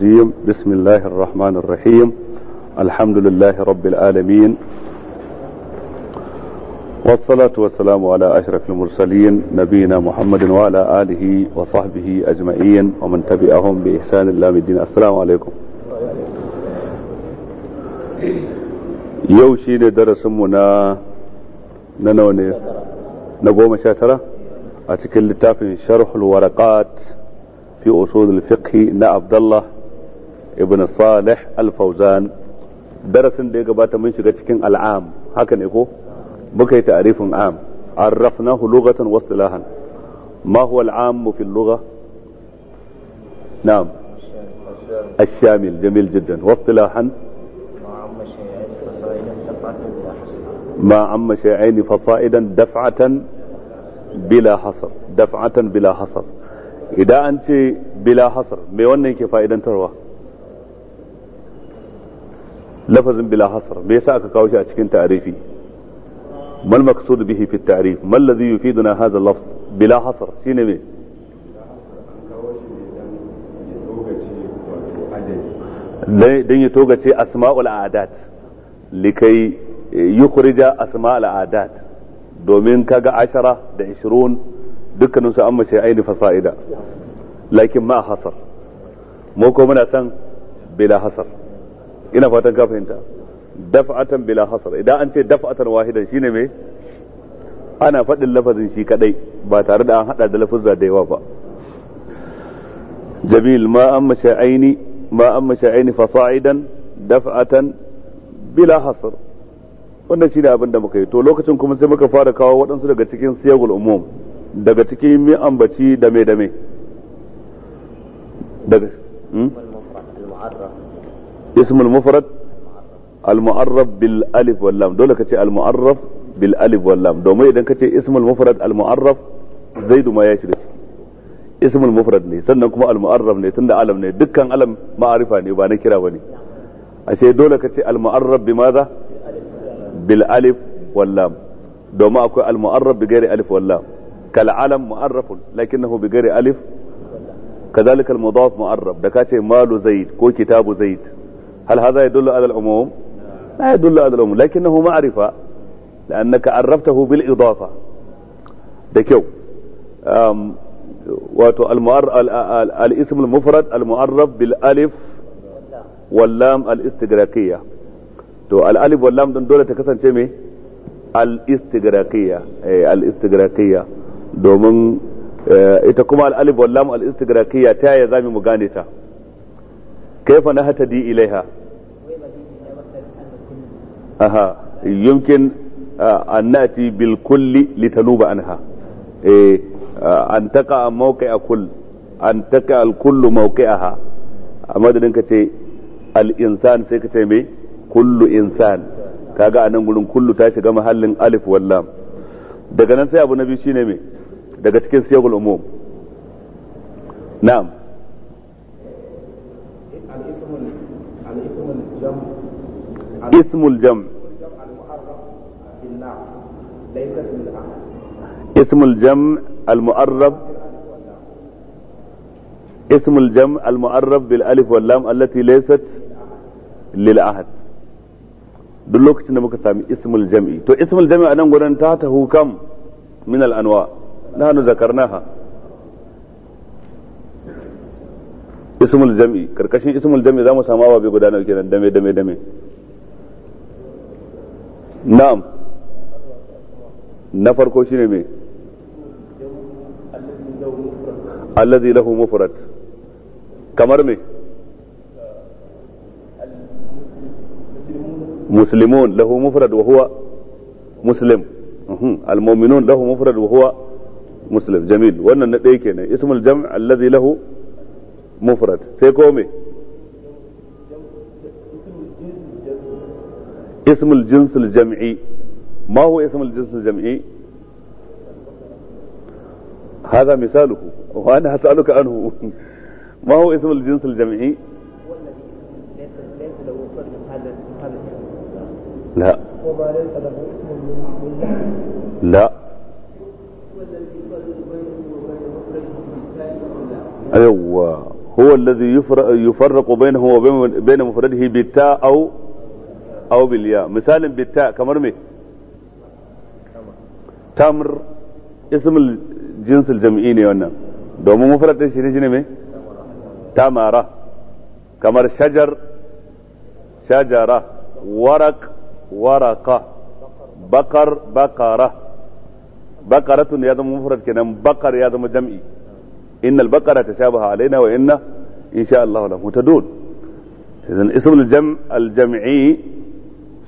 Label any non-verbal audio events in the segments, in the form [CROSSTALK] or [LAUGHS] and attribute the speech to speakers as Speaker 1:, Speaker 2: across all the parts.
Speaker 1: الرجيم بسم الله الرحمن الرحيم الحمد لله رب العالمين والصلاة والسلام على أشرف المرسلين نبينا محمد وعلى آله وصحبه أجمعين ومن تبعهم بإحسان الله الدين السلام عليكم يوشي درس منا ننوني na na أتكلم شرح الورقات في أصول الفقه a عبد الله ibn salih al darasin da ya gabata mun shiga cikin al'am haka ne ko muka yi ta'arifin am arrafnahu lughatan wa istilahan ma huwa al'am fi al-lugha na'am الشامل جميل جدا واصطلاحا ما عم شيئين فصائدا دفعة بلا حصر دفعة بلا حصر إذا أنت بلا حصر ما Me كيف فائدا تروى lafazin bila hasr me yasa aka kawo shi a cikin ta'rifi mal maqsud bihi fi at-ta'rif mal ladhi yufiduna hadha al-lafz bila hasr shine me dan ya togace asma'ul a'dat likai yukhrija asma'ul a'dat domin kaga ashara da 20 dukkanin su an mace aini fasa'ida lakin ma hasar mu ko muna san bila hasar ina fatan ka fahimta daf'atan bila hasar idan an ce daf'atan wahidan shine me ana faɗin lafazin shi kadai ba tare da an hada da lafuzza da yawa ba jamil ma amma sha'aini ma amma sha'aini fa sa'idan daf'atan bila hasar wannan shine abin da muka yi to lokacin kuma sai muka fara kawo waɗansu daga cikin siyagul umum daga cikin mi ambaci da me da me daga hmm? ismul mufrad al-mu'arraf bil alif wal dole kace al-mu'arraf bil alif wal domin idan kace ismul mufrad al-mu'arraf zaidu ma ya shiga ciki ismul mufrad ne kuma al ne tunda alam ne dukkan alam ma'arifa ne ba na kira bane ashe dole kace al-mu'arraf bi maza bil alif wal domin akwai al bi ghairi alif wal lam kal alam mu'arrafun lakinnahu bi ghairi alif كذلك المضاف معرب da kace malu zaid ko kitabu zaid هل هذا يدل على العموم لا يدل على العموم لكنه معرفة لأنك عرفته بالإضافة دكيو واتو المعر... الاسم المفرد المعرف بالالف واللام الاستغراقية to al'alif wallam dole ta kasance mai al'istigrakiya domin ita kuma al'alif wallam al'istigrakiya ta yaya zami mu ganita. كيف نهتدي إليها أها يمكن an نأتي بالكل لتنوب عنها anha eh an taqa mawqi'a kull an taqa al kullu mawqi'aha الإنسان madadin ka ce al insan sai ka ce kullu insan kaga anan gurin kullu ta shiga mahallin alif wallam daga nan sai abu na biyu shine me daga cikin siyagul umum na'am اسم الجمع اسم الجمع المؤرب اسم الجمع المؤرب بالالف واللام التي ليست للعهد duk lokacin da muka sami ismul jam'i to ismul jam'i a nan gurin ta tahu kam min al'anwa na nahnu zakarnaha ismul jam'i karkashin ismul jam'i za mu samu ababe guda nawa kenan dame dame dame na'am na farko shine me allazi lahu mufrad kamar me muslimun lahu mufrad wa huwa muslim mhm. lahu mufrad wa huwa muslim jamil wannan na ɗaya kenan ismul jam' allazi lahu sai ko اسم الجنس الجمعي ما هو اسم الجنس الجمعي هذا مثاله وأنا أسألك عنه [LAUGHS] ما هو اسم الجنس الجمعي لا لا أيوة هو الذي يفرق بينه وبين مفرده بالتاء أو او بالياء مثال بالتاء كمرمي تمر اسم الجنس الجمعين يونا دوم مفرد شيني جنمي تمارة كمر شجر شجرة ورق ورقة بقر بقرة بقرة يضم مفرد كنا بقر يضم جمعي إن البقرة تشابه علينا وإن إن شاء الله لهم تدون إذن اسم الجمع الجمعي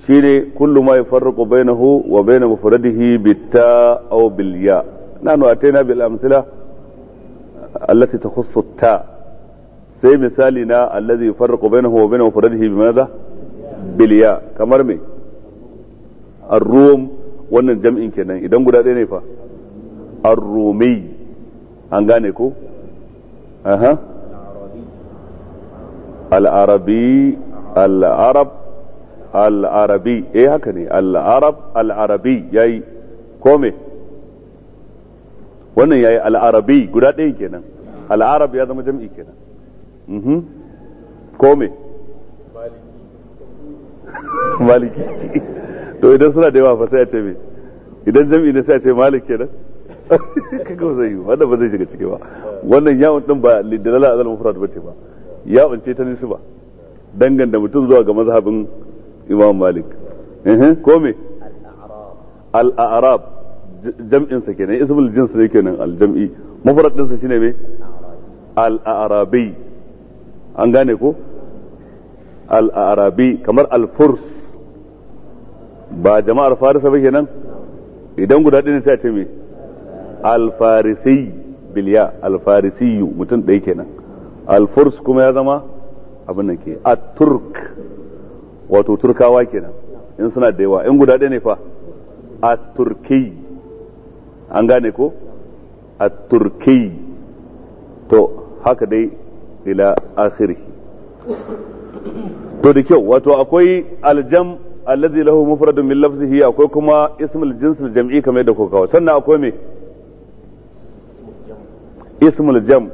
Speaker 1: shine kullu ma yufarriqu bainahu wa bain mufradihi bitta aw bil ya nanu na bil amsila allati takhussu ta sai misali na allazi yufarriqu bainahu wa bain mufradihi bimadha bil ya kamar me ar-rum wannan jam'in kenan idan guda ɗaya ne fa ar-rumi an gane ko aha al-arabi al-arab al-arabi eh haka ne al-arab al-arabi yayi kome wannan yayi al-arabi guda ɗaya kenan al-arab ya zama jam'i kenan mhm kome maliki [LAUGHS] to idan suna da yawa fa sai a ce me idan jam'i ne sai a ce malik kenan [LAUGHS] kaga zai yi wannan ba zai shiga ciki ba wannan yawon din ba lidalala azal mufrad ce ba yawon ce ta nisba danganta mutum zuwa ga mazhabin imam malik ko me al-a'rab jam'in sa kenan ismul jins ne kenan al-jam'i mufrad din sa shine me al-arabi an gane ko al-arabi kamar al-furs ba jama'ar farisa ba kenan idan guda ɗin sai a ce me al-farisi bilya al-farisi mutum ɗaya kenan al-furs kuma ya zama abin nan ke at-turk wato turkawa kenan in suna da yawa in guda ɗaya ne fa a turki an gane ko a turki to haka dai ila akhirhi to da kyau wato akwai aljam allazi lahu mufradun min lafzihi akwai kuma ismul jinsul jam'i kamar yadda kuka kawo sannan akwai me ismul jam'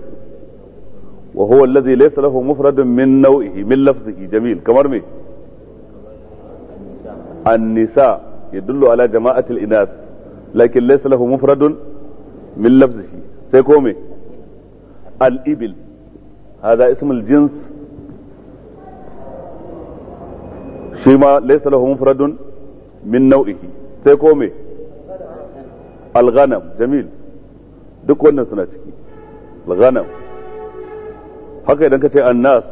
Speaker 1: huwa allazi laysa lahu مفرد min naw'ihi min lafzihi jamil kamar me النساء يدل على جماعة الإناث لكن ليس له مفرد من لفظه سيكومي الإبل هذا اسم الجنس شيما ليس له مفرد من نوعه سيكومي الغنم جميل duk wannan suna ciki al-ghanam haka idan ka ce annas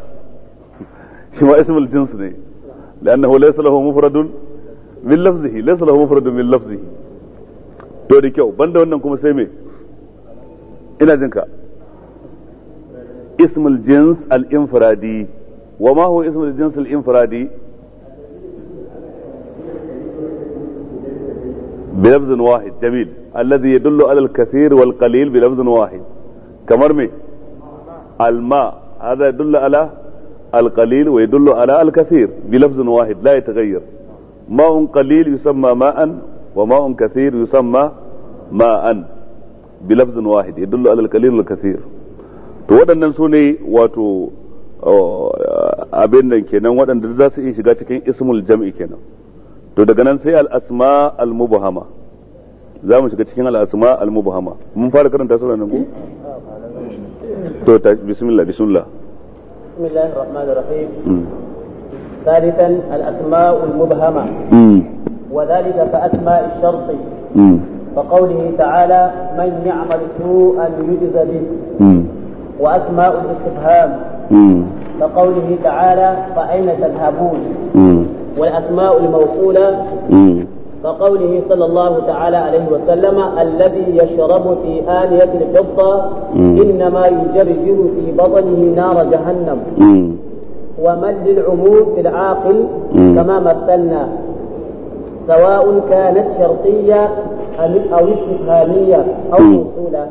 Speaker 1: shi ma ismul jins ne لأنه ليس له مفرد min lafzihi laysa lahu mufradun min lafzihi to da kyau banda wannan kuma sai me ina jinka ismul jins al infiradi wa ma huwa ismul jins al infiradi بلفظ واحد جميل الذي يدل على الكثير والقليل بلفظ واحد كمرمي الماء هذا يدل على القليل ويدل على الكثير بلفظ واحد لا يتغير ma'un qalil yusamma ma'an wa ma'un kathir yusamma ma'an bi lafzin wahid yadullu ala al-qalil wal to waɗannan su ne wato uh, abin nan kenan waɗanda za su iya shiga cikin ismul jam'i kenan to daga nan sai al'asma al-mubahama za mu shiga cikin al'asma al-mubahama mun fara karanta sura nan ku. to bismillah bismillah
Speaker 2: bismillahir rahmanir rahim hmm. ثالثا الأسماء المبهمة وذلك كأسماء الشرط فقوله تعالى من يعمل سوءا يجز به وأسماء الاستفهام كقوله تعالى فأين تذهبون والأسماء الموصولة كقوله صلى الله تعالى عليه وسلم الذي يشرب في آنية الفضة إنما يجرجر في بطنه نار جهنم ومن للعموم في العاقل كما مثلنا سواء كانت شرطية أو استفهامية أو موصولة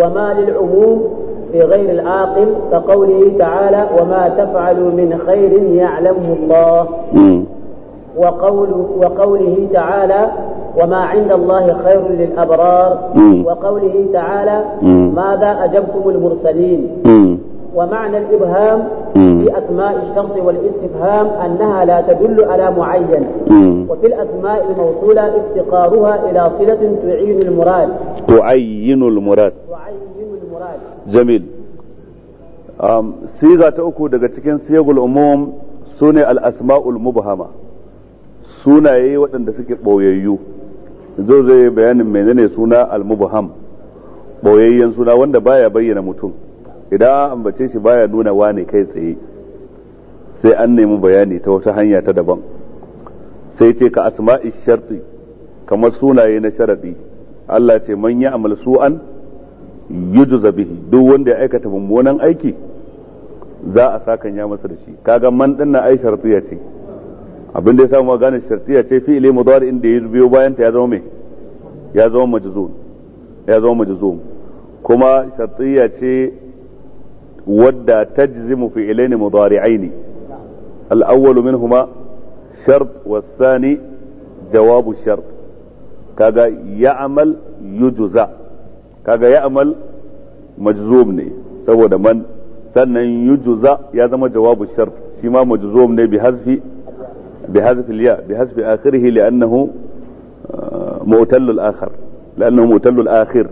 Speaker 2: وما للعموم في غير العاقل كقوله تعالى وما تفعلوا من خير يعلمه الله وقول وقوله تعالى وما عند الله خير للأبرار وقوله تعالى ماذا أجبتم المرسلين ومعنى الإبهام في أسماء الشرط والاستفهام أنها لا تدل على معين وفي الأسماء الموصولة افتقارها إلى صلة تعين المراد
Speaker 1: تعين المراد
Speaker 2: تعين المراد
Speaker 1: جميل um, siga ta uku daga cikin siyagul umum sune al-asma'ul mubhama sunaye waɗanda suke ɓoyayyu zai zai bayanin menene suna al-mubham suna wanda baya bayyana mutum idan a ambace shi baya nuna wane kai tsaye sai an nemi bayani ta wata hanya ta daban sai ce ka asma'i sharti kamar sunaye na sharadi Allah ce man ya amal su'an yujza bihi duk wanda ya aikata mummunan aiki za a saka ya masa da shi kaga man din na ai shartiya ce abin da ya samu gane shartiya ce fi ilai mudari inda ya biyo bayan ta ya zama mai ya zama majzum ya zama majzum kuma shartiya ce ود تجزم في إلين مضارعين الأول منهما شرط والثاني جواب الشرط كذا يعمل يجزى كذا يعمل مجزومني سوى من سنة يجزى يزم جواب الشرط سما مجزومني بحذف بحذف الياء بحذف آخره لأنه آه، مؤتل الآخر لأنه مؤتل الآخر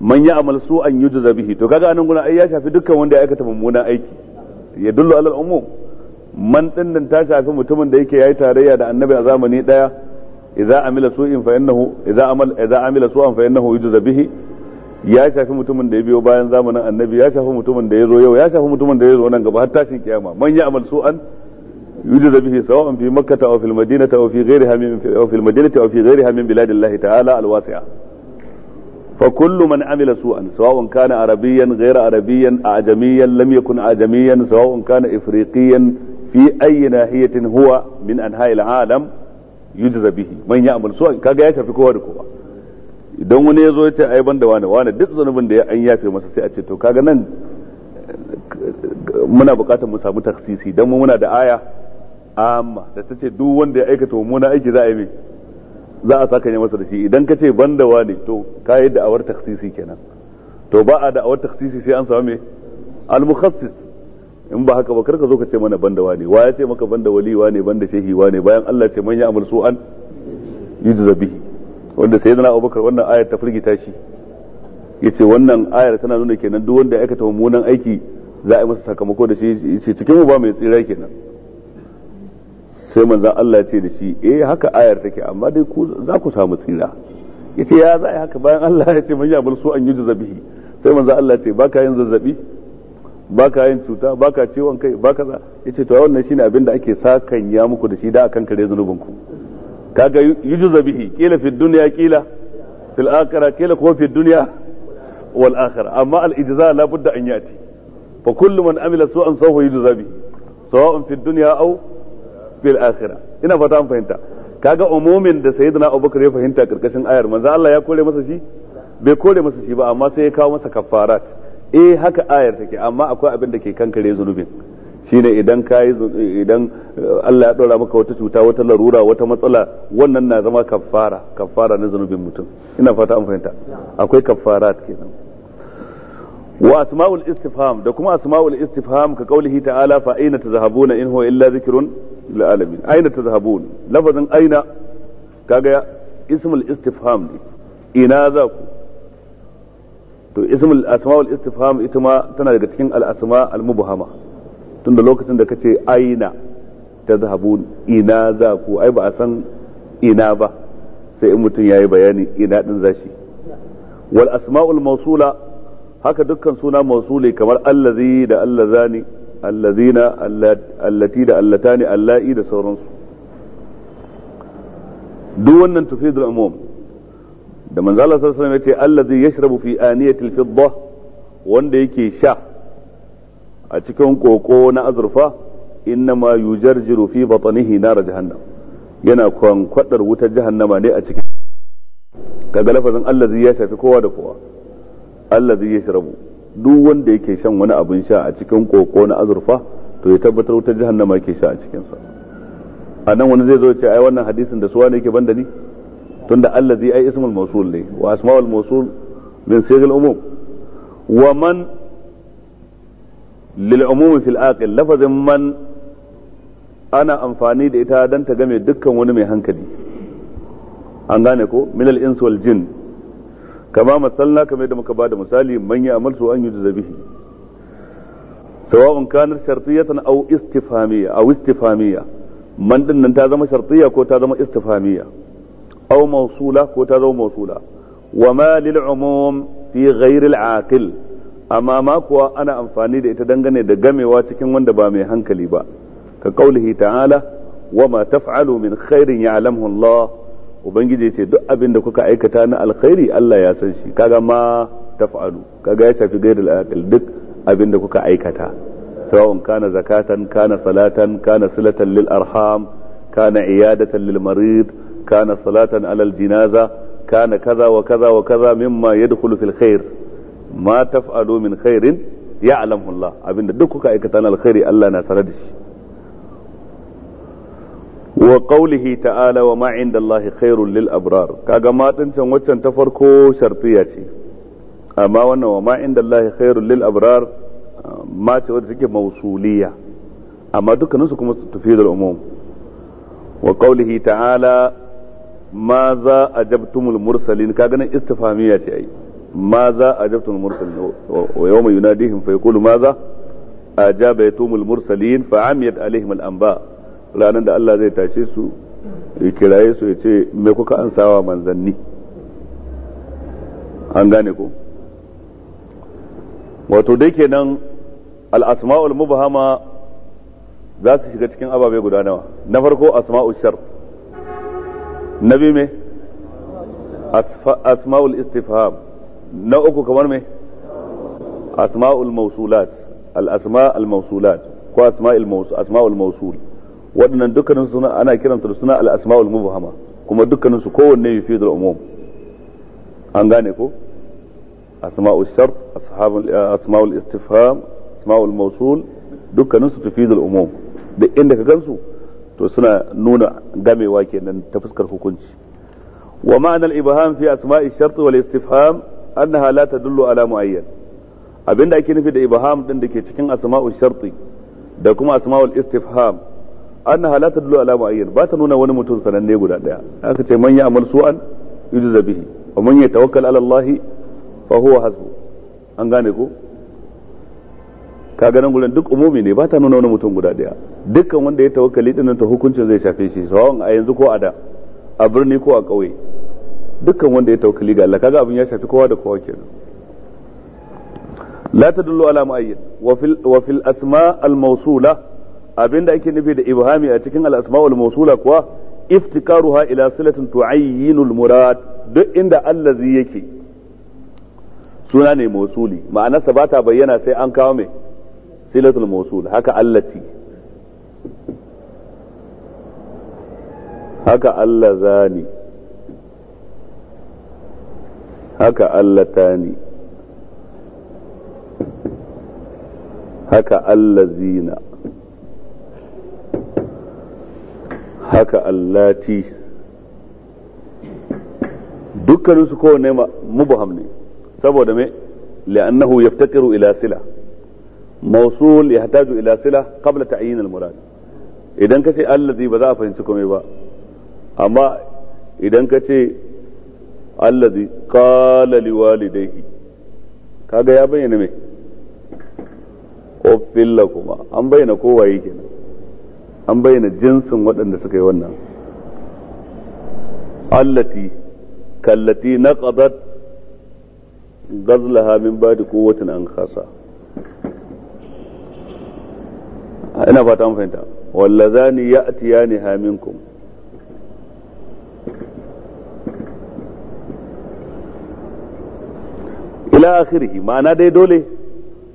Speaker 1: man ya amal su an yuju bihi to kaga anan guna ai ya shafi dukkan wanda ya aikata mummunan aiki ya dullu alal umum man din ta shafi mutumin da yake yayi tarayya da annabi a zamani daya idza amila su'in fa innahu idza amal idza amila su'an fa innahu yuju bihi ya shafi mutumin da ya biyo bayan zamanin annabi ya shafi mutumin da ya zo yau ya shafi mutumin da ya zo nan gaba har tashin kiyama man ya amal su'an zabihi bihi sawa'an fi makkata aw fil madinati aw fi ghairiha min aw fil madinati aw fi ghairiha min biladillahi ta'ala alwasi'a fa kullu man amila su'an sawa'un kana arabiyyan ghayra arabiyyan ajamiyyan lam yakun ajamiyyan sawa'un kana ifriqiyyan fi ayyi nahiyatin huwa min anha'i al'alam yujza bihi man ya'mal su'an kaga ya shafi kowa da kowa idan wani ya zo ya ce ai ban da wani wani duk zanubin da ya an yafe masa sai a ce to kaga nan muna bukatar mu samu taksisi dan muna da aya amma da ta ce duk wanda ya aikata Muna, aiki za a yi mai za a saka ne masa da shi idan ka ce banda wani to ka yi da'awar taksisi kenan to ba a da'awar taksisi sai an samu me al-mukhassis in ba haka ba karka zo ka ce mana banda wani wa ya ce maka banda wali wane banda shehi wane bayan Allah ce man ya amal su'an yujza bihi wanda sayyidina Abubakar wannan ayar ta firgita shi yace wannan ayar tana nuna kenan duk wanda ya aikata mummunan aiki za a yi masa sakamako da shi cikin mu ba mai tsira kenan sai manzan Allah ce da shi eh haka ayar take amma dai ku za ku samu tsira yace ya za haka bayan Allah ya ce man ya su an yuju zabihi sai manzan Allah ce baka yin zazzabi baka yin cuta baka ciwon kai baka za yace to wannan shine abin da ake sakan ya muku da shi da akan kare zunubin ku kaga yuju zabihi kila fi dunya kila fil akhirah kila ko fi dunya wal akhirah amma al ijza la budda an yati fa kullu man amila su'an sawfa yuju zabihi sawa'un fi dunya aw fil akhira ina fata an fahimta kaga umumin da sayyidina abubakar ya fahimta karkashin ayar manzo Allah ya kore masa shi bai kore masa shi ba amma sai ya kawo masa kafarat eh haka ayar take amma akwai abin da ke kankare zunubin shine idan kai idan eh, Allah ya dora maka wata cuta wata larura wata matsala wannan na zama kafara kafara na zunubin mutum ina fata an fahimta akwai kafarat kenan wa asma'ul istifham da kuma asma'ul istifham ka kaulihi ta'ala fa aina tazhabuna in huwa illa zikrun lil alamin aina tazhabun lafazin aina kaga ismul istifham ne ina za ku to ismul asma'ul istifham ita ma tana daga cikin al asma al mubhama tunda lokacin da kace aina ta tazhabun ina za ku ai ba a san ina ba sai in mutum yayi bayani ina din zashi wal asma'ul mawsula haka dukkan suna mawsuli kamar allazi da allazani allazina allati da allatani alla'i da sauransu duk wannan tufidul umum da manzo Allah sallallahu alaihi wasallam yace allazi yashrabu fi aniyati alfidda wanda yake sha a cikin koko na azurfa innama yujarjiru fi batnihi nar jahannam yana kwankwadar wutar jahannama ne a cikin kaga lafazin allazi ya shafi kowa da kowa allazi yashrabu duk wanda yake shan wani abin sha a cikin koko na azurfa to ya tabbatar wutar jahannama yake sha a cikinsa a nan wani zai zo ce ai wannan hadisin da suwa ne yake banda ni tunda allazi ai ismul mawsul ne wa asmaul mawsul min sigal umum wa man lil umum fil aqil lafazin man ana amfani da ita dan ta game dukkan wani mai hankali an gane ko min al ins wal kama masalla kamar da muka bada misali man ya amal an yujza bihi sawa'un kanat shartiyatan aw istifhamiyya aw istifhamiyya man din nan ta zama shartiyya ko ta zama istifhamiyya aw mawsula ko ta zama mawsula wa ma lil umum fi ghayr al aqil amma ma kuwa ana amfani da ita dangane da gamewa cikin wanda ba mai hankali ba ka qaulihi ta'ala wa ma taf'alu min khairin ya'lamuhu Allah ubangiji ce duk abin da kuka aikata na alkhairi Allah ya san shi kaga ma taf'alu kaga ya shafi gairul aqil duk abin da kuka aikata sawa'un kana zakatan kana salatan kana silatan lil arham kana iyadatan lil marid kana salatan alal jinaza kana kaza wa kaza wa kaza mimma yadkhulu fil khair ma taf'alu min khairin ya'lamu Allah abinda duk kuka aikata na alkhairi Allah na sanar da shi wa qawlihi ta'ala wa ma indallahi khairul lil abrar kaga ma dincan waccan ta farko shartiya ce amma wannan wa ma indallahi khairul lil abrar ma ce wadda take mausuliya amma dukkaninsu kuma su tafi da umum wa qawlihi ta'ala ma za ajabtumul mursalin kaga nan istifhamiya ce ai ma za ajabtumul mursalin wa yawma yunadihim fa yaqulu ma za ajabaytumul mursalin fa amiyat alaihim al anba' ranar da Allah zai tashe su ya kiraye su ya ce me kuka an sawa manzanni an gane ku. wato dai kenan al-asma'ul Mubahama za su shiga cikin ababe guda nawa na farko asma'ul shar na biyu me asma'ul istifham na uku kamar me asma'ul mausulat al’asma’ul al-mausulat ko asma'ul mausul waɗannan dukkanin suna ana kiransu da suna al’asma’ul asmaul kuma dukkanin su kowanne yi fidar umum an gane ko asma'ul shart asma'ul istifham asma'ul mausul dukkanin su tufidu al-umum da inda ka gansu to suna nuna gamewa kenan ta fuskar hukunci wa ma'anar ibrahim fi asma’ul shart wal istifham annaha la tadullu ala muayyan abinda ake nufi da ibham din ke cikin asma'ul shart da kuma asma'ul istifham annaha la tadullu alama mu'ayyan ba ta nuna wani mutum sananne guda daya aka ce man ya amal su'an da bihi wa man ya tawakkal ala Allah fa huwa hasbu an gane ko kaga nan gurin duk umumi ne ba ta nuna wani mutum guda daya dukkan wanda ya tawakkali dinnan ta hukuncin zai shafe shi sawan a yanzu ko a da a birni ko a ƙauye dukkan wanda ya tawakkali ga Allah kaga abin ya shafi kowa da kowa kenan la tadullu ala mu'ayyan wa fil wa fil asma al mawsula abinda ake nufi da ibhami a cikin al-asma'ul mawsula kuwa iftikaruha ila silatin tu'ayyinul murad duk inda allazi yake suna ne mawsuli ma'ana ba ta bayyana sai an kawo mai silatul mawsul haka allati haka allazani haka allatani haka allazina haka allati dukkanin su kowanne mubham ne saboda me li'annahu yaftakiru ila sila mawsul yahtaju ila sila qabla ta'yin al-murad idan kace allazi ba za a fahimci komai ba amma idan kace allazi qala liwalidayhi kaga ya bayyana me uffil kuma an bayyana yake kenan an bayyana jinsin waɗanda suka yi wannan allati kallati naqadat gazlaha min ba'di quwwatin an khasa ina fata an fahimta wallazani ni minkum ila kiri ma'ana dai dole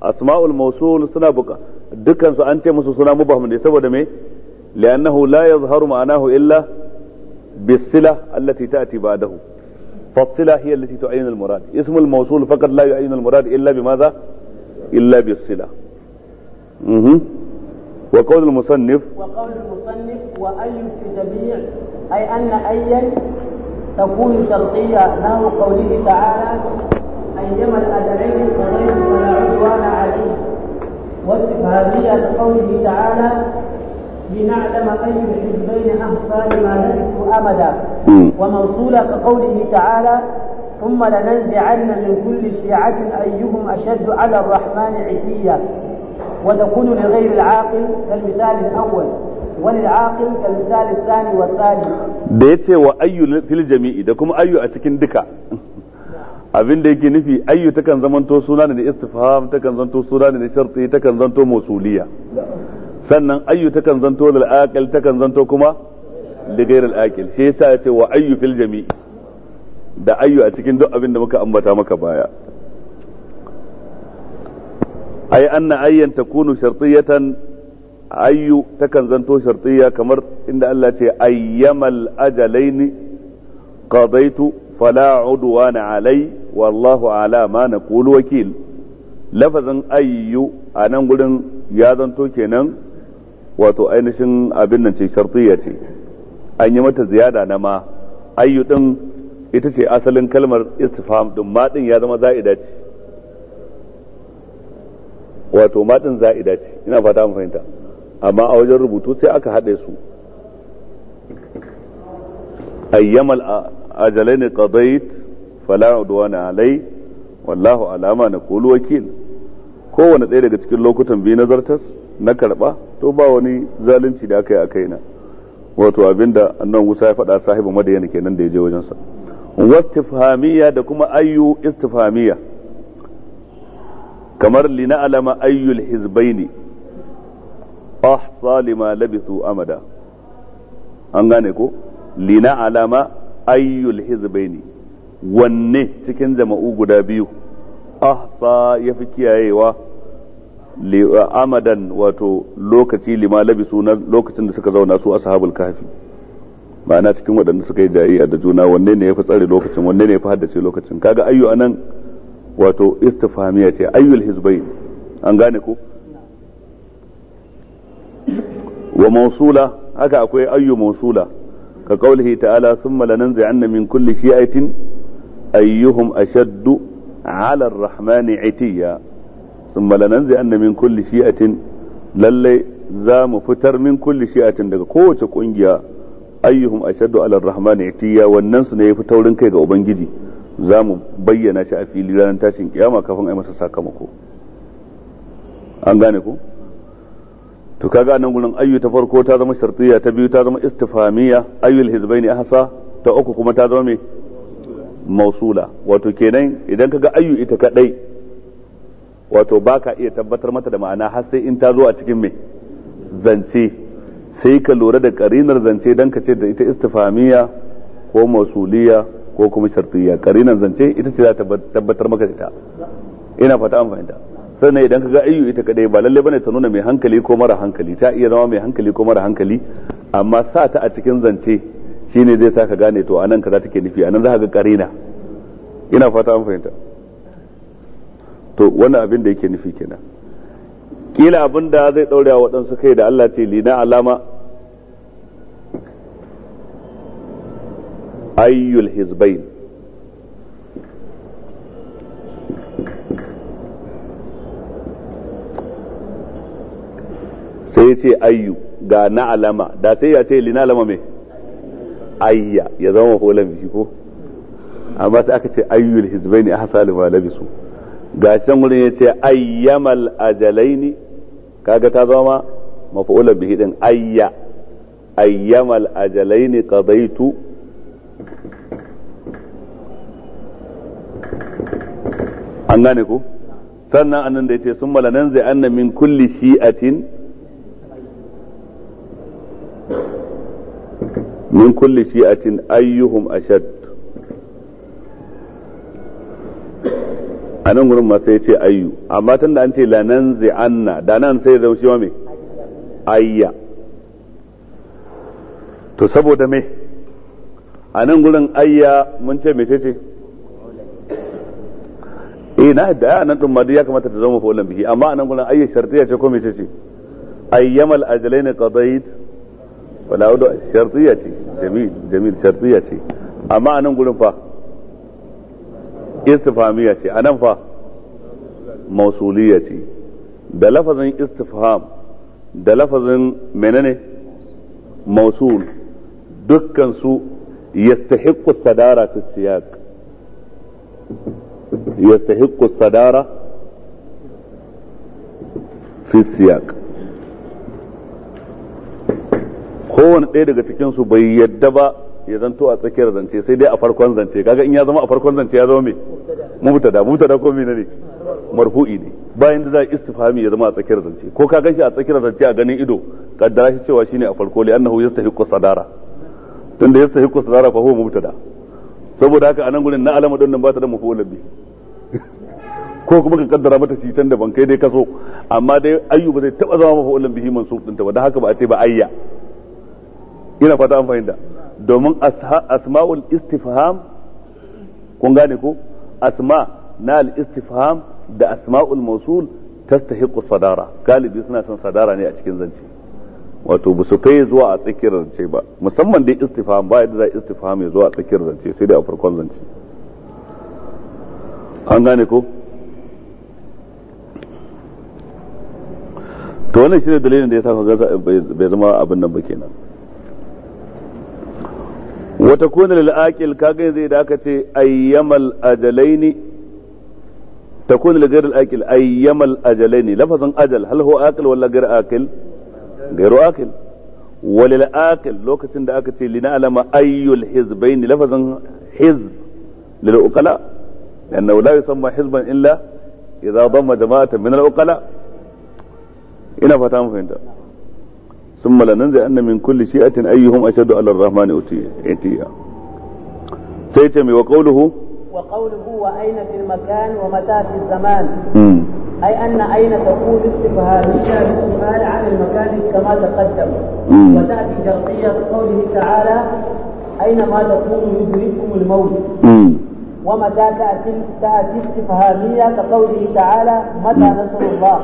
Speaker 1: asma'ul mawsul suna buka dukkan su an ce musu suna mubahum ne saboda me لأنه لا يظهر معناه إلا بالصلة التي تأتي بعده فالصلة هي التي تعين المراد اسم الموصول فقط لا يعين المراد إلا بماذا إلا بالصلة مه. وقول المصنف
Speaker 2: وقول المصنف وأي في جميع أي أن أيا تكون شرطية نحو قوله تعالى أيما الأجلين قضيت فلا عدوان عليه واستفهامية لقوله تعالى لنعلم أي الحزبين أحصى لما لبثوا أمدا وموصولة كقوله تعالى ثم لننزعن من كل شيعة أيهم أشد على الرحمن عتيا وتكون لغير العاقل كالمثال الأول وللعاقل كالمثال الثاني والثالث
Speaker 1: da ya ce wa ayyu fil jami'i da kuma ayyu a cikin duka abin da yake nufi ayyu takan zamanto suna ne istifham takan zanto suna ne sharti takan zanto mausuliya sannan ayyu takan zanto lil ta takan zanto kuma li ghairil aqil shi yasa ce wa ayyu fil jami da ayyu a cikin duk abin da muka ambata maka baya ay anna ayyan takunu shartiyatan ayyu takan zanto shartiyya kamar inda Allah ce ayyamal ajalaini qadaitu fala udwana alai wallahu ala ma naqulu wakil lafazin ayyu a nan gurin ya zanto kenan wato ainihin abin nan ce shartiyya ce an yi mata ziyada na ma ayyu din ita ce asalin kalmar istifham din ma din ya zama za'ida ce wato ma din za'ida ce ina fata mu fahimta amma a wajen rubutu sai aka haɗe su ayyamal ajalain qadait fala udwana alai wallahu alama na kulu wakil kowane ɗaya daga cikin lokutan biyu nazartas na karɓa to ba wani zalunci da aka yi a kaina wato abinda annabi Musa ya faɗa sahibi madayana kenan da ya je wajen sa da kuma ayyu istifhamiya kamar alama ayyul hizbaini ahsa lima labithu amada an gane ko alama ayyul hizbaini wanne cikin jama'u guda biyu ahsa fi kiyayewa amadan wato lokaci lima labisu na lokacin da suka zauna su ashabul kahfi ma'ana cikin waɗanda suka yi jari'a da juna wanne ne ya fi tsare lokacin wanne ne ya fi haddace lokacin kaga ayyu anan wato istifhamiya ce ayyul hizbain an gane ko wa mausula haka akwai ayyu mausula ka kaulihi ta'ala thumma lananzi'anna min kulli shi'atin ayyuhum ashaddu 'ala ar-rahmani 'itiyya sun zai anna min kulli shi'atin lallai za mu fitar min kulli shi'atin daga kowace kungiya ayyuhum ashaddu ala rahman itiya wannan su ne yafi taurin kai ga ubangiji za mu bayyana shi a fili ranar tashin kiyama kafin ai masa sakamako an gane ku to kaga nan gurin ayyu ta farko ta zama shartiyya ta biyu ta zama istifhamiya ayyul hizbaini ahsa ta uku kuma ta zama mai mausula wato kenan idan kaga ayyu ita kadai wato baka iya tabbatar mata da ma'ana har sai in ta zo a cikin mai zance sai ka lura da karinar zance don ka ce da ita istifamiya ko masuliya ko kuma shartiya karinar zance ita ce za ta tabbatar maka ita ina fata an fahimta sannan idan ka ga ayyu ita kadai ba lalle bane ta nuna mai hankali ko mara hankali ta iya zama mai hankali ko mara hankali amma sa ta a cikin zance shine zai sa ka gane to anan kaza take nufi anan za ka ga karina ina fata an fahimta to wani abin da yake nufi kenan kila abin da zai daure a waɗansu kai da Allah ce lina alama ayyul hizbain sai ce ayyu ga na alama da sai ya ce lina alama mai ayya ya zama holan biki ko amma sai aka ce ayyul hizbain hasali ma labisu ga can wurin ya ce ayyamal ajalaini kaga ta zama mafu'ula bihi din ayya ayyamal ajalaini qadaitu an gane ku sannan annan da yace sun malanan zai anna min kulli shi'atin min kulli shi'atin ayyuhum ashad a nan gurin masu ya ce ayyu amma tun da an ce lanan anna da nan sai zau shi mai, ayya to saboda me a nan gurin ayya mun ce mece ce eh na da ya nan din ma ya kamata ta zama fa'ulan biki? amma a nan gurin ayya shartiya ce ko mece ce ayyamal ajalaini qadait wala udu shartiya ce jamil jamil shartiya ce amma a nan gurin fa istifamiya ce a nan fa mausuliya ce da lafazin istifham da lafazin menene mausul dukkan su yastahiqqu sadara fi siyaq yastahiqqu sadara fi siyaq kowane ɗaya daga su bai yadda ba ya zanto a tsakiyar zance sai dai a farkon zance kaga in ya zama a farkon zance ya zama me mubtada mubtada ko menene marfu'i ne bayan da za a istifhami ya zama a tsakiyar zance ko ka gashi a tsakiyar zance a ganin ido kaddara shi cewa shine a farko li annahu yastahiqqu sadara tunda yastahiqqu sadara fa huwa mubtada saboda haka anan gurin na alama din nan ba ta da mafu'ul bi [LAUGHS] ko kuma ka kaddara mata shi can da ban kai dai kaso amma dai ayyuba zai taba zama mafu'ul bihi mansub din ta ba da haka ba a ce ba ayya ina fata an fahimta domin asma'ul istifham kun gane ko asma na al-istifham da asma'ul mawsul tastahiqu sadara galibi suna son sadara ne a cikin zance wato ba su kai zuwa a tsakiyar zance ba musamman dai istifham ba yadda za istifham ya zuwa a tsakiyar zance sai dai a farkon zance an gane ko to wannan shi ne dalilin da ya sa ga bai zama abin nan ba kenan wa takuna lil aqil kaga zai da aka ce ayyamal ajalaini takuna lil ghairil aqil ayyamal ajalaini lafazin ajal hal huwa aqil wala ghair aqil ghairu aqil walil aqil lokacin da aka ce lina alama ayyul hizbain lafazin hizb lil uqala لأنه لا illa حزبا إلا إذا ضم جماعة من ina إن فتام fahimta. ثم لننزعن من كل شيئة أيهم أشد على الرحمن أتيا سيتمي وقوله
Speaker 2: وقوله وأين في المكان ومتى في الزمان أي أن أين تكون استفهامية للسؤال عن المكان كما تقدم وتأتي شرطية قوله تعالى أين ما تكون يدرككم الموت ومتى تأتي تأتي استفهامية كقوله تعالى متى نصر الله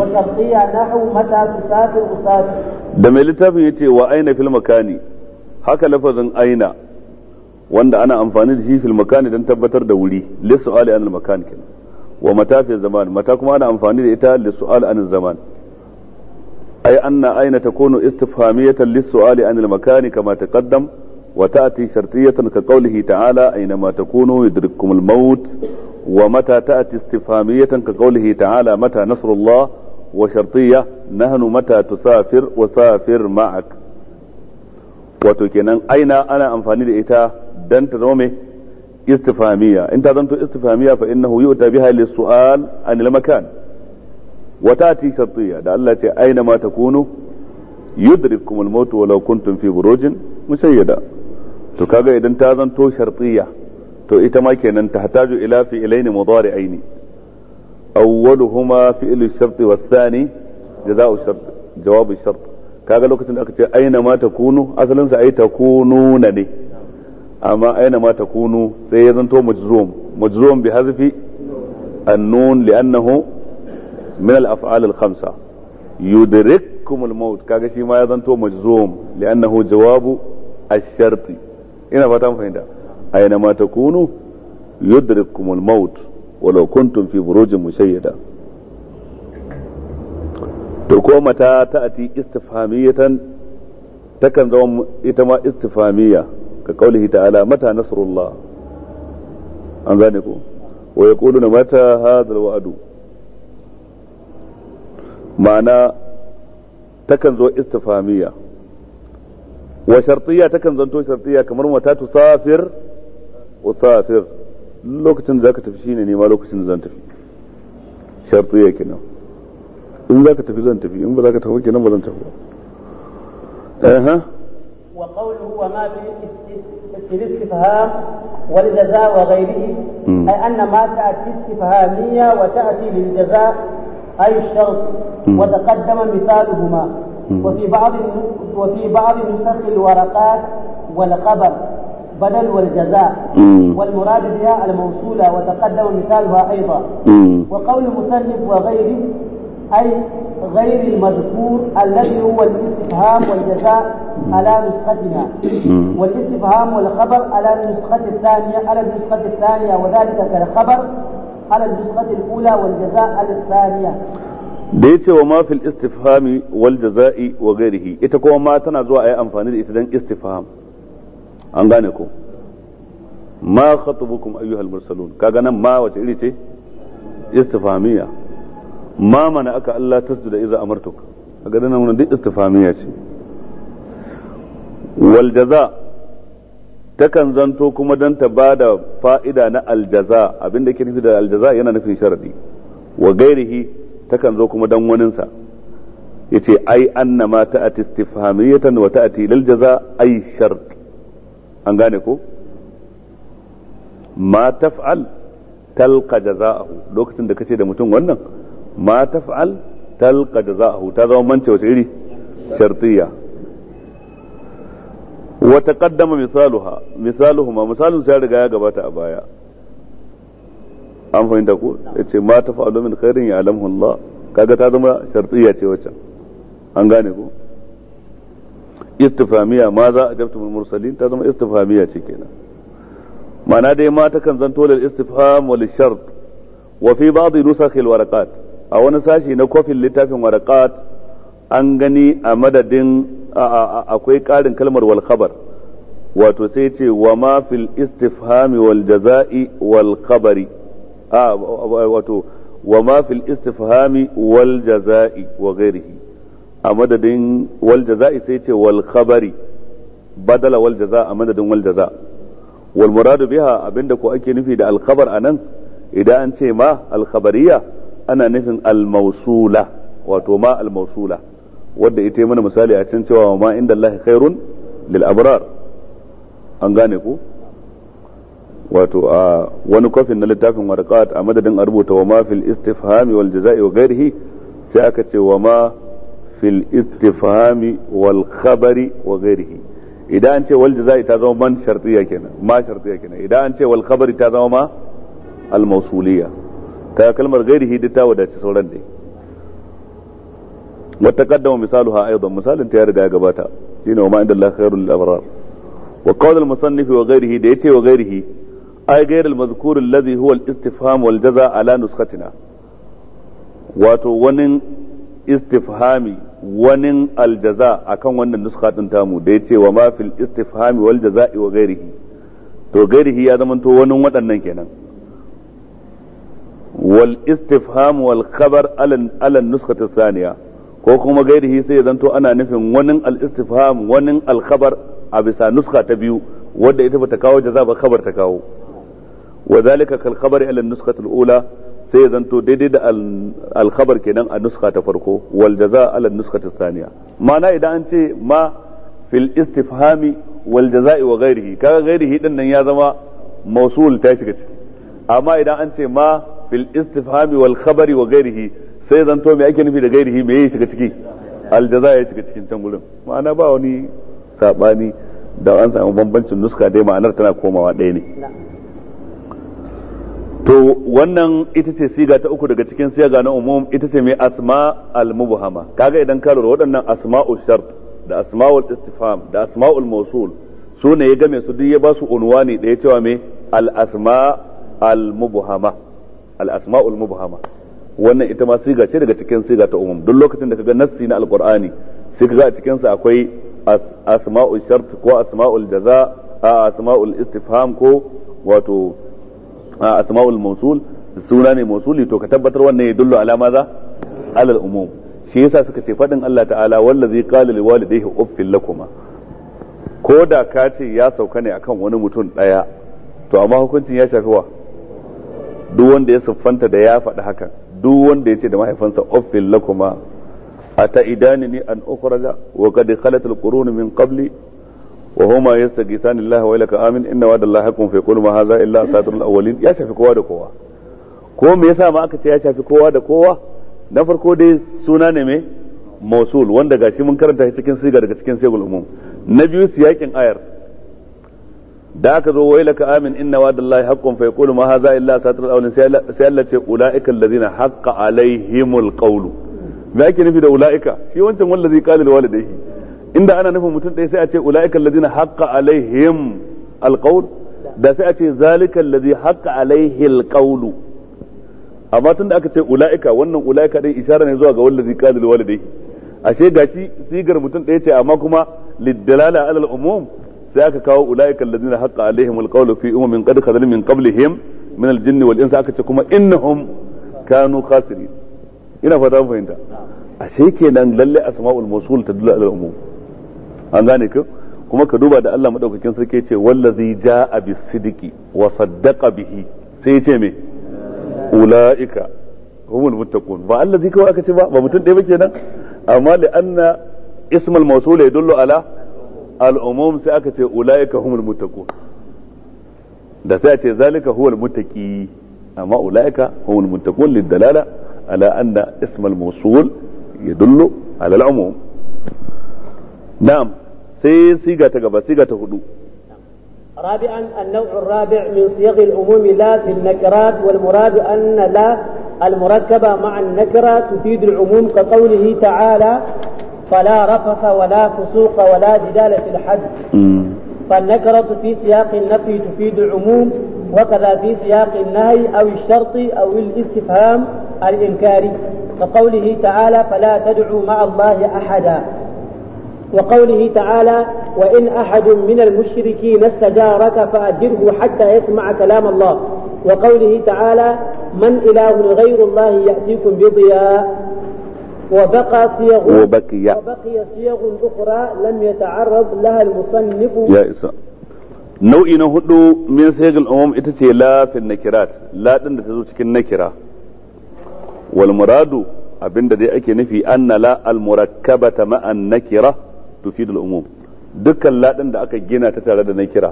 Speaker 2: وشرطية نحو متى تسافر أسافر
Speaker 1: da mai littafin ya ce wa aina fil makani haka lafazin aina wanda ana amfani da shi fil makani don tabbatar da wuri lissu ali anil makan kenan wa mata fi zaman mata kuma ana amfani da ita lissu ali anil zaman ay anna aina takunu istifhamiyatan lissu ali anil makani kama taqaddam wa ta'ti shartiyatan ka qawlihi ta'ala aina ma takunu yudrikkumul maut wa mata ta'ti istifhamiyatan ka qawlihi ta'ala mata nasrullah وشرطية نحن متى تسافر وسافر معك وتكنن أين أنا أنفاني لإتا دنت رومي استفهامية إن تظنت استفهامية فإنه يؤتى بها للسؤال عن المكان وتأتي شرطية لعلتي أينما تكونوا يدرككم الموت ولو كنتم في بروج مسيدة تكاغا إذا تظنت شرطية تو إتما كنن تحتاج إلى في إلين مضارعين awwaluhuma fi'lu ash-shart wa ath-thani jazaa'u jawabu ash-shart kaga lokacin da aka ce aina ma takunu asalin sa ai takununa ne amma aina ma takunu sai ya zanto majzum majzum bi hazfi an-nun li'annahu min al-af'al al-khamsa yudrikkum al-maut kaga shi ma ya zanto majzum li'annahu jawabu ash-shart ina fata mun fahimta aina ma takunu yudrikkum al-maut walau kuntum fi burujin mushayyada to ko mata ta'ati istifhamiyatan takan zama ita ma istifhamiyya ka kaulihi ta'ala mata nasrullah an gane ko wa yaquluna mata hadhal wa'du ma'ana takan zo istifhamiyya wa shartiyya takan kamar mata tusafir usafir lokacin da zaka tafi shine ne ma lokacin da zan tafi shartu yake nan in zaka tafi zan tafi in ba zaka tafi kenan ba zan tafi
Speaker 2: ba eh wa qawluhu wa ma fi istifham وللجزاء وغيره أي أن ما تأتي استفهامية وتأتي للجزاء أي الشرط وتقدم مثالهما وفي بعض وفي بعض نسخ الورقات والخبر بدل والجزاء والمراد بها الموصولة وتقدم مثالها أيضا وقول المصنف وغيره أي غير المذكور الذي هو الاستفهام والجزاء على نسختنا والاستفهام والخبر على النسخة الثانية على النسخة الثانية وذلك كالخبر على النسخة الأولى والجزاء على الثانية
Speaker 1: da وما في wa ma fil istifhami wal jaza'i wa gairihi ita kuma ma tana zuwa amfani da ita istifham an gane ko ma khatubukum ayyuhal mursalun kaga nan ma wace iri ce istifhamiya ma mana aka Allah tasjuda idza amartuk kaga nan wannan duk istifhamiya ce wal jaza takan zanto kuma dan ta bada fa'ida na aljaza abinda ke nufi da aljaza yana nufin sharadi wa gairihi takan zo kuma dan waninsa yace ai annama ta'ati istifhamiyatan wa ta'ati lil jaza ai shart an gane ko ma taf'al talqa jaza'ahu lokacin da kace da mutum wannan ma taf'al talqa jaza'ahu ta zama mance wace iri shartiya wa taqaddama misaluha misaluhuma misalun sai riga ya gabata a baya an fahimta ko yace ma taf'alu min khairin ya'lamuhu Allah kaga ta zama shartiya ce wacce an gane ko istifamiya ma za a jabtumul mursalin ta zama istifamiya ce kenan ma'ana dai ma ta kan zanto lil istifham wal shart wa fi ba'd nusakh al waraqat a wani sashi na kofin littafin waraqat an gani a madadin akwai karin kalmar wal khabar wato sai ce wa ma fil istifhami wal jaza'i wal khabari a wato wa ma fil istifhami wal jaza'i wa ghairihi a madadin wal jaza'i sai ce wal khabari badala wal jaza a madadin wal jaza wal muradu biha abinda ko ake nufi da al khabar anan idan an ce ma al khabariya ana nufin al mausula wato ma al mausula wadda ita yi mana misali a can cewa ma inda Allah khairun lil abrar an gane ku wato a wani kofin na littafin warqat a madadin a rubuta wa ma fil istifhami wal jaza'i wa ghairihi sai aka ce wa ma fil istifhami wal khabari wa ghairihi idan an ce wal ta zama man shartiya kenan ma shartiya kenan idan an ce wal ta zama ma al mausuliya ta duk ta wadace sauran dai wa taqaddama misaluha aidan misalin ta ya riga ya gabata shine ma inda Allah khairul lil abrar wa qawl wa da wa huwa al ala wato wani istifhami wani aljaza akan wannan nuskha din tamu da ce wa ma fil istifhami wal jaza'i wa ghairihi to gairihi ya zama to wani waɗannan kenan wal istifham wal khabar ala ala nuskhati thaniya ko kuma gairihi sai zanto ana nufin wani al istifham wani al khabar a bisa nuskha ta biyu wadda ita bata kawo jaza ba khabar ta kawo wa zalika kal khabari ala nuska ta ula sai ya zanto daidai da alkhabar kenan a nuska ta farko wal jaza ala nuska ta saniya ma'ana idan an ce ma fil istifhami wal jaza'i wa ghairihi kaga ghairihi din nan ya zama mausul ta shiga ciki amma idan an ce ma fil istifhami wal khabari wa ghairihi sai zanto me ake nufi da ghairihi me yayi shiga ciki al jaza'i ya shiga cikin can gurin ma'ana ba wani sabani da an samu bambancin nuska dai ma'anar tana komawa ɗaya ne to wannan ita ce siga ta uku daga cikin siga na umum ita ce mai asma al-mubhama kaga idan ka lura waɗannan asma'ul shart da asma'ul istifham da asma'ul mawsul su ne ya game su duk ya ba su unwani da ya cewa mai al-asma al-mubhama al-asma'ul mubhama wannan ita ma siga ce daga cikin siga ta umum duk lokacin da kaga nassi na al-qur'ani sai kaga a cikin sa akwai asma'ul shart ko asma'ul jaza a asma'ul istifham ko wato asma'ul mawsul suna ne mawsuli to ka tabbatar wannan ya dullo ala maza umum shi yasa suka ce fadin Allah ta'ala wallazi qala li walidayhi uffil lakuma ko da ka ce ya sauka ne akan wani mutum daya to amma hukuncin ya shafi wa duk wanda ya siffanta da ya faɗi hakan duk wanda ya ce da mahaifansa uffil lakuma ata idanini an ukhraja wa qad khalat al min qabli وهما يستغيثان الله ويلك امن ان وعد الله حق فيقول ما هذا الا اساطير الاولين ya shafi kowa da kowa ko me yasa ma aka ce ya shafi kowa da kowa na farko dai suna ne me mausul wanda gashi mun karanta shi cikin siga daga cikin sigul umum na biyu siyakin ayar da aka zo wailaka amin inna wa'dallahi haqqun fa yaqulu ma hadha illa asatir al-awwalin sai Allah ce ulaika alladhina haqqa alaihimul qawlu me ake nufi da ulaika shi wancan wallazi qala li walidayhi inda ana nufin mutum ɗaya sai a ce ula'ikal ladina haqqa alaihim alqaul da sai a ce zalikal ladhi haqqa alaihi alqaul amma tunda aka ce ula'ika wannan ula'ika dai isharar ne zuwa ga wallazi qala lil walidayhi ashe gashi sigar mutum ɗaya ce amma kuma liddalala alal umum sai aka kawo ula'ika alladhina haqqa alaihim alqaul fi umamin qad khadal min qablihim min aljinni wal insi aka ce kuma innahum kanu khasirin ina fata fahimta ashe kenan lalle asma'ul mawsul tadullu alal umum an gane ka kuma ka duba da Allah madaukakin sarki ce wallazi jaa bis sidiki wa saddaqa bihi sai ya ce me ulaika humul muttaqun ba allazi kawai aka ce ba ba mutum ɗaya ba kenan amma li anna ismul mawsul yadullu ala al umum sai aka ce ulaika humul muttaqun da sai a ce zalika huwal muttaqi amma ulaika humul muttaqun lid dalala ala anna ismul mawsul yadullu ala al umum نعم سي سيغة تقبل سيغة هدو
Speaker 2: رابعا النوع الرابع من صيغ العموم لا في النكرات والمراد أن لا المركبة مع النكرة تفيد العموم كقوله تعالى فلا رفث ولا فسوق ولا جدال في الحج فالنكرة في سياق النفي تفيد العموم وكذا في سياق النهي أو الشرط أو الاستفهام الإنكاري كقوله تعالى فلا تدعوا مع الله أحدا وقوله تعالى وإن أحد من المشركين استجارك فأجره حتى يسمع كلام الله وقوله تعالى من إله غير الله يأتيكم بضياء وبقى صيغ وبقي, وبقي صيغ أخرى لم يتعرض لها المصنف يا
Speaker 1: إسا نوعي نهدو من صيغ الأمم إتتي لا في النكرات لا تنتزو تكن نكرة والمراد abinda dai ake nufi anna la al-murakkabata ma'an nakira tufi da umum dukkan ladin da aka gina ta tare da na kira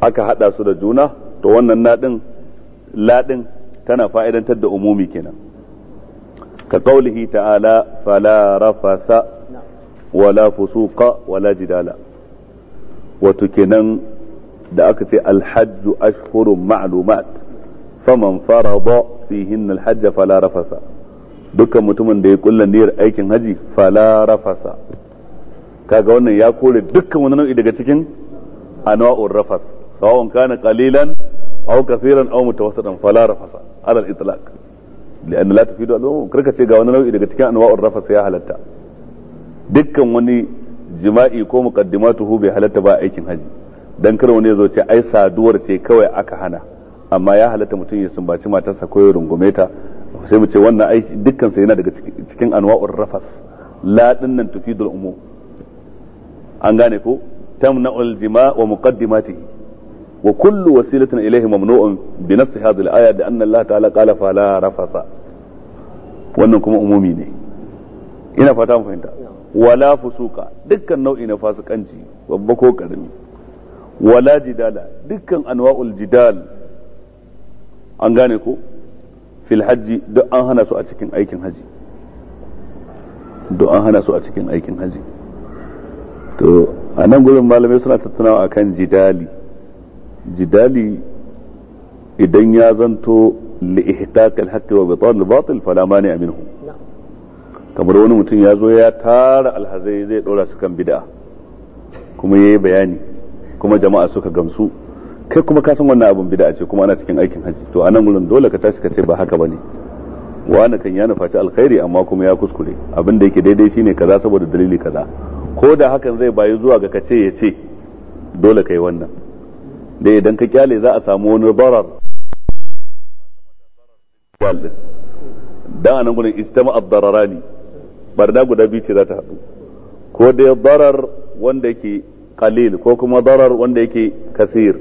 Speaker 1: aka haɗa su da juna to wannan ladin ladin tana fa'idantar da umumi kenan ka qaulihi ta'ala fala wala fusuqa wala jidala wato kenan da aka ce alhajju ashhurun ma'lumat faman farada fihinna alhajj fala dukkan mutumin da ya kulla niyyar aikin haji falarafasa rafasa kaga wannan ya kore dukkan wani nau'i daga cikin anwa'ur rafas sawa'un kana qalilan aw kaseeran aw mutawassitan fala rafasa ala al-itlaq lian la tufidu al-umum karka ce ga wani nau'i daga cikin anwa'ur rafas ya halatta dukkan wani jima'i ko muqaddimatuhu bai halatta ba aikin haji dan kar wani ya zo ce ai saduwar ce kawai aka hana amma ya halatta mutum ya sumbaci matarsa ko ya rungume ta sai mu ce wannan ai dukkan sa yana daga cikin anwa'ur rafas la dinnan tufidul umum an gane ko tamna'ul jima wa muqaddimatihi wa kullu wasilatin ilayhi mamnu'un bi nass hadhihi al-aya da anna Allah ta'ala qala fala rafasa wannan kuma umumi ne ina fata mu fahimta wala fusuka dukkan nau'i na fasikanci babba ko karami wala jidala dukkan anwa'ul jidal an gane ko fil hajji duk an hana su a cikin aikin haji duk an hana su a cikin aikin haji to a nan gurin malamai suna a akan jidali jidali idan ya zanto li'ihtaq al-haqqi wa bital al-batil fala mani minhu kamar wani mutum ya zo ya tara alhazai zai dora su kan bid'a kuma yayi bayani kuma jama'a suka gamsu kai kuma ka san wannan abin bid'a ce kuma ana cikin aikin haji to a nan gurin dole ka tashi ka ce ba haka bane wani kan ya nufaci alkhairi amma kuma ya kuskure abin da yake daidai shine kaza saboda dalili kaza ko da hakan zai bayu zuwa ga kace ya ce dole kai wannan da idan ka kyale za a samu wani barar da anan gurin istama ad-dararani barna guda biyu ce za ta haɗu ko dai barar wanda yake qalil ko kuma barar wanda yake kasir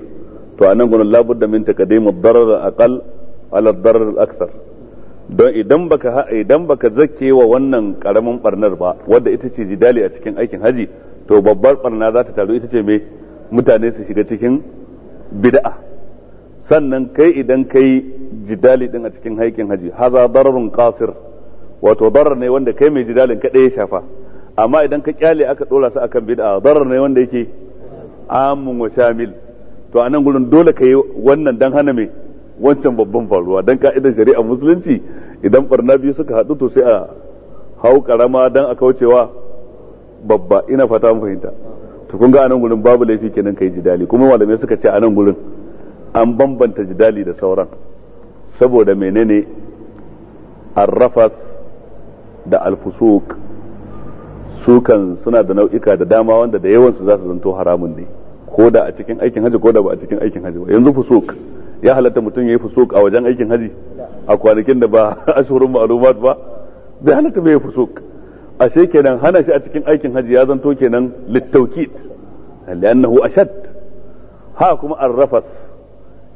Speaker 1: to anan gurin labudda min takadimu ad-darar aqal ala ad-darar akthar don idan baka idan baka zake wa wannan karamin barnar ba wadda ita ce jidali a cikin aikin haji to babbar barna za ta taru ita ce mai mutane su shiga cikin bid'a sannan kai idan kai jidali din a cikin aikin haji haza dararun qasir wato darar ne wanda kai mai jidalin kadai ya shafa amma idan ka kyale aka dora su akan bid'a darar ne wanda yake amun wa shamil to anan gurin dole kai wannan dan hana mai. wancan babban faruwa dan ka'idar shari'a musulunci idan barna biyu suka haɗu to sai a hau karama don a kaucewa babba ina fata mun fahimta to kun ga anan gurin babu laifi kenan kai jidali kuma malamai suka ce anan gurin an bambanta jidali da sauran saboda menene arrafas da alfusuk sukan suna da nau'ika da dama wanda da yawansu za su zanto haramun ne ko da a cikin aikin hajji ko da ba a cikin aikin hajji ba yanzu fusuk ya halatta mutum ya yi fusuk a wajen aikin haji a kwanakin da ba a [LAUGHS] shirin ma'alumat ba bai halatta bai fusuk ashe kenan hana shi a cikin aikin haji ya zanto kenan littaukit li'annahu ashad ha kuma arrafas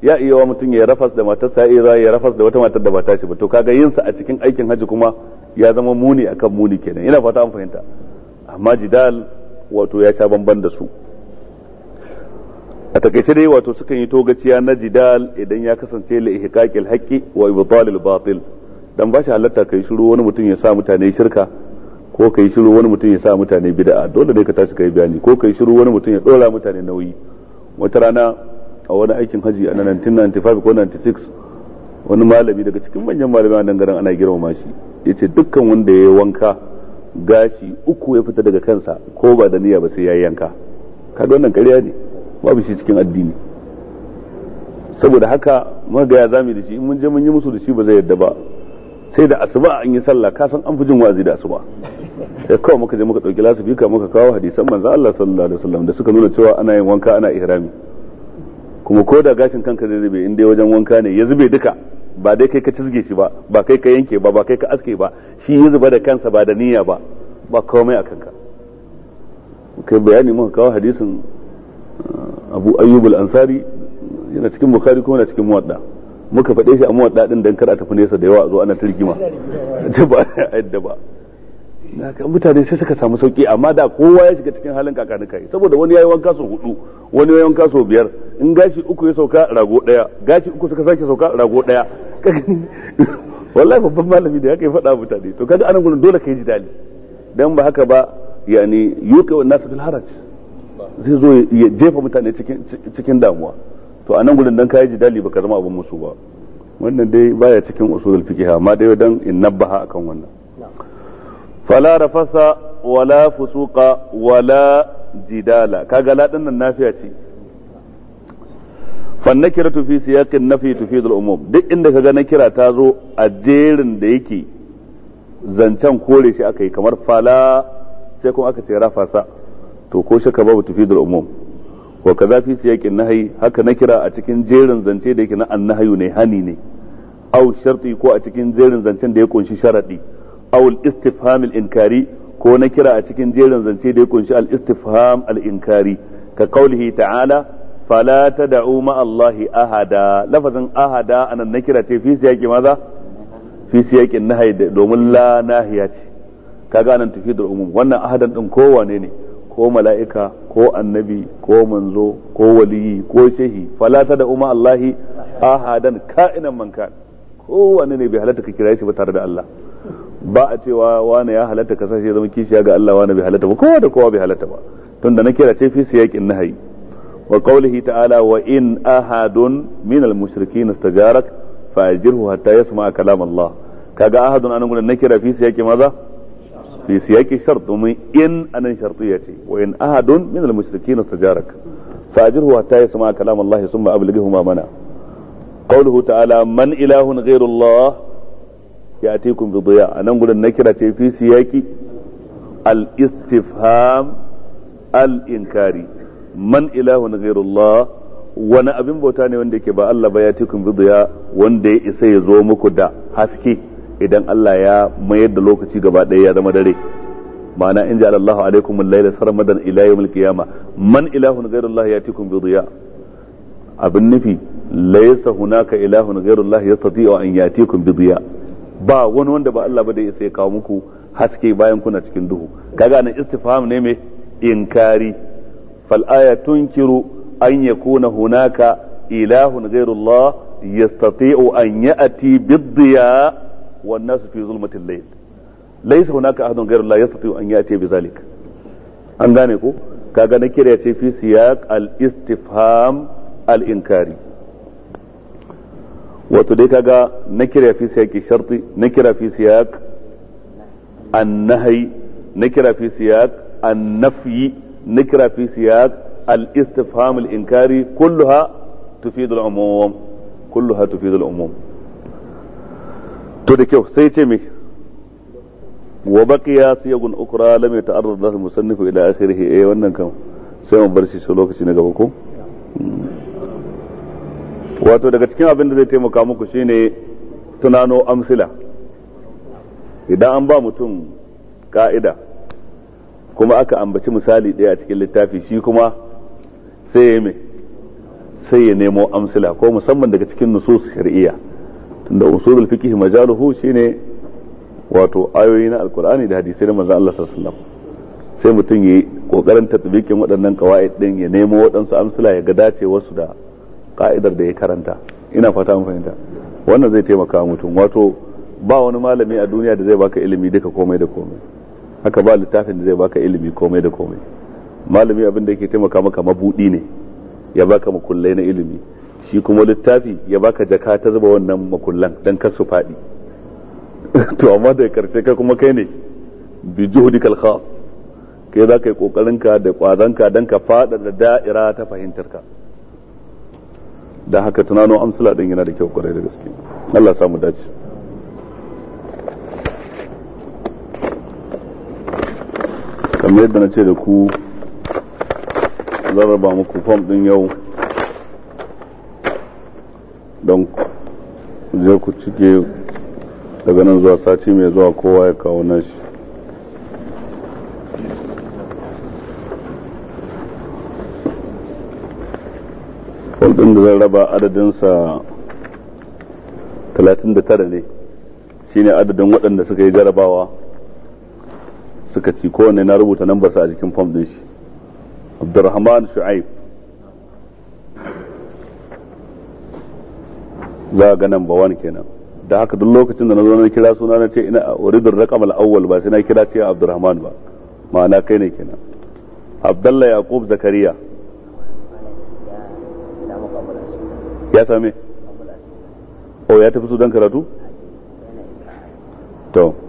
Speaker 1: ya iya wa mutum ya rafas da matarsa ya ya rafas da wata matar da ba tashi ba to kaga yin sa a cikin aikin haji kuma ya zama muni akan muni kenan ina fata an fahimta amma jidal wato ya sha bamban da su a takaice dai wato sukan yi togaciya na jidal idan ya kasance la ihqaqil haqqi wa ibtalil batil dan ba shi halatta kai shiru wani mutum ya sa mutane shirka ko kai shiru wani mutum ya sa mutane bid'a dole ne ka tashi kai bayani ko kai shiru wani mutum ya dora mutane nauyi wata rana a wani aikin haji a 1995 ko 96 wani malami daga cikin manyan malamai a nan garin ana girmama shi yace dukkan wanda ya wanka gashi uku ya fita daga kansa ko ba da niyya ba sai ya yanka kaga wannan ƙarya ne babu shi cikin addini saboda haka magaya za mu da shi in mun je mun yi musu da shi ba zai yadda ba sai da asuba an yi sallah ka san an fi jin wazi da asuba sai kawai muka je muka dauki lasafi ka muka kawo hadisan manzo Allah sallallahu alaihi wasallam da suka nuna cewa ana yin wanka ana ihrami kuma ko da gashin kanka zai zube in dai wajen wanka ne ya zube duka ba dai kai ka cizge shi ba ba kai ka yanke ba ba kai ka aske ba shi ya zuba da kansa ba da niyya ba ba komai a kanka kai bayani muka kawo hadisin abu ayyub al-ansari yana cikin bukhari kuma yana cikin muwadda muka faɗe shi a muwadda din dan kar a tafi nesa da yawa zo ana tarjima ce ba [LAUGHS] yadda ba mutane sai suka samu sauki amma da kowa ya shiga cikin halin kakani kai saboda wani yayi wanka sau hudu wani yayi wanka sau biyar in gashi uku ya sauka rago daya gashi uku suka sake sauka rago daya
Speaker 2: [LAUGHS]
Speaker 1: wallahi babban malami da ya kai faɗa mutane to kaga anan gurin dole kai ji dali dan ba haka ba yani yuqi wan nasu bil haraj zai zo ya jefa mutane cikin damuwa to a nan gudun dan kayi jidali baka zama abin musu ba wannan dai baya cikin usulul fiqh amma dai dan in nabaha akan wannan fala rafasa wala fusuqa wala jidala kaga la dinnan nafiya ce nakiratu fi siyaqin nafi tufidul umum duk inda kaga nakira ta zo a jerin da yake zancen kore shi aka kamar fala sai kuma aka ce rafasa to ko shaka babu tufidul umum wa kaza fi siyaqin nahyi haka na kira a cikin jerin zance da yake na annahyu ne hani ne aw sharti ko a cikin jerin zancen da ya kunshi sharadi aw al istifham al inkari ko na kira a cikin jerin zance da ya kunshi al istifham al inkari ka qawlihi ta'ala fala tad'u ma allahi ahada lafazin ahada anan na kira ce fi siyaqi maza fi siyaqin nahyi domin la nahiya ce kaga nan tufidul umum wannan ahadan din kowane ne ko mala'ika ko annabi ko manzo ko waliyi ko shehi falata da umma Allahi ahadan ka'inan mankan kowane ne bai halatta ka kira shi ba tare da Allah ba a cewa wane ya halatta ka sashi zama kishiya ga Allah wane bai halatta ba kowa da kowa bai halatta ba tunda na kira ce fi yakin nahayi wa qawlihi ta'ala wa in ahadun min al-mushrikeen istajarak fa ajirhu hatta yasma kalam Allah kaga ahadun anan gudan na kira fi maza fi siyaqi shart domin in anan ya ce wa in ahadun min al mushrikeen istajaraka fa ajirhu hatta yasma kalam Allah thumma ablighuhu ma mana qawluhu ta'ala man ilahun ghayru Allah ya'tikum a nan gudun gudan nakira ce fi siyaqi al istifham al inkari man ilahun ghayru lawa wani abin bauta ne wanda yake ba Allah ba ya tikun bidiya wanda ya isa ya zo muku da haske idan Allah ya mayar da lokaci gaba ɗaya ya zama dare ma'ana in ja'ala Allahu alaikum al-layla sarmadan ila man ilahun ghayru Allah yatikum bi dhiya abin nufi laysa hunaka ilahun ghayru Allah yastati'u an yatikum bi dhiya ba wani wanda ba Allah ba da isa ya kawo muku haske bayan kuna cikin duhu kaga nan istifham ne mai inkari fal tun kiru an yakuna hunaka ilahun ghayru Allah yastati'u an ya'ti bi dhiya wan nasu fi zulmatil layl laysa hunaka ahadun ghayru la yastati an yati bi zalik an gane ko kaga na kira ce fi siyaq al istifham al inkari wato dai kaga na kira fi siyaq sharti na kira fi siyaq an nahy na kira fi siyaq an nafyi na kira fi siyaq al istifham al inkari kulluha tufid al umum kulluha tufid al umum to da kyau sai ce me wa baqiya siyagun ukra lam yata'arrad lahu musannifu ila akhirih eh wannan kan sai mu bar shi sai lokaci na gaba ko hmm. wato daga cikin abin da zai taimaka muku shine tunano amsila idan an ba mutum ka'ida kuma aka ambaci misali ɗaya a cikin littafi shi kuma sai ya mai sai ya nemo amsila ko musamman daga cikin nusus shari'iyya tunda usulul fiqh majaluhu shine wato ayoyi na alkur'ani da hadisai na manzon Allah sallallahu alaihi wasallam sai mutum yi kokarin tatbikin waɗannan qawaid din ya nemo waɗansu amsala ya ga dace wasu da ka'idar da ya karanta ina fata mun fahimta wannan zai taimaka mutum wato ba wani malami a duniya da zai baka ilimi duka komai da komai haka ba littafin da zai baka ilimi komai da komai malami abin da yake taimaka maka mabudi ne ya baka makullai na ilimi shi kuma littafi ya baka jaka ta zuba wannan makullan dan kar su faɗi [LAUGHS] to amma da karshe kai kuma kai ne bi juhudikal khas kai za ka yi kokarin ka da kwazon ka dan ka fada da da'ira ta fahimtar ka da haka tunano amsala din yana da kyau kwarai da gaske Allah samu dace kamar yadda na ce da ku zarraba muku fom din yau don je ku cike daga nan zuwa sati mai zuwa kowa ya kawo nashi ɗin da zan raba adadinsa 39 ne ne adadin waɗanda suka yi jarabawa suka ci kowane na rubuta nambarsa a jikin fom ɗin shi abdurrahman shu'aib za ga nan ba wani kenan da haka duk lokacin da na zo na kira suna na ce ina uridur raqam al-awwal ba sai na kira ce Abdurrahman ba ma'ana kai ne kenan Abdullah Yaqub Zakariya ya same o oh, ya tafi su dan karatu to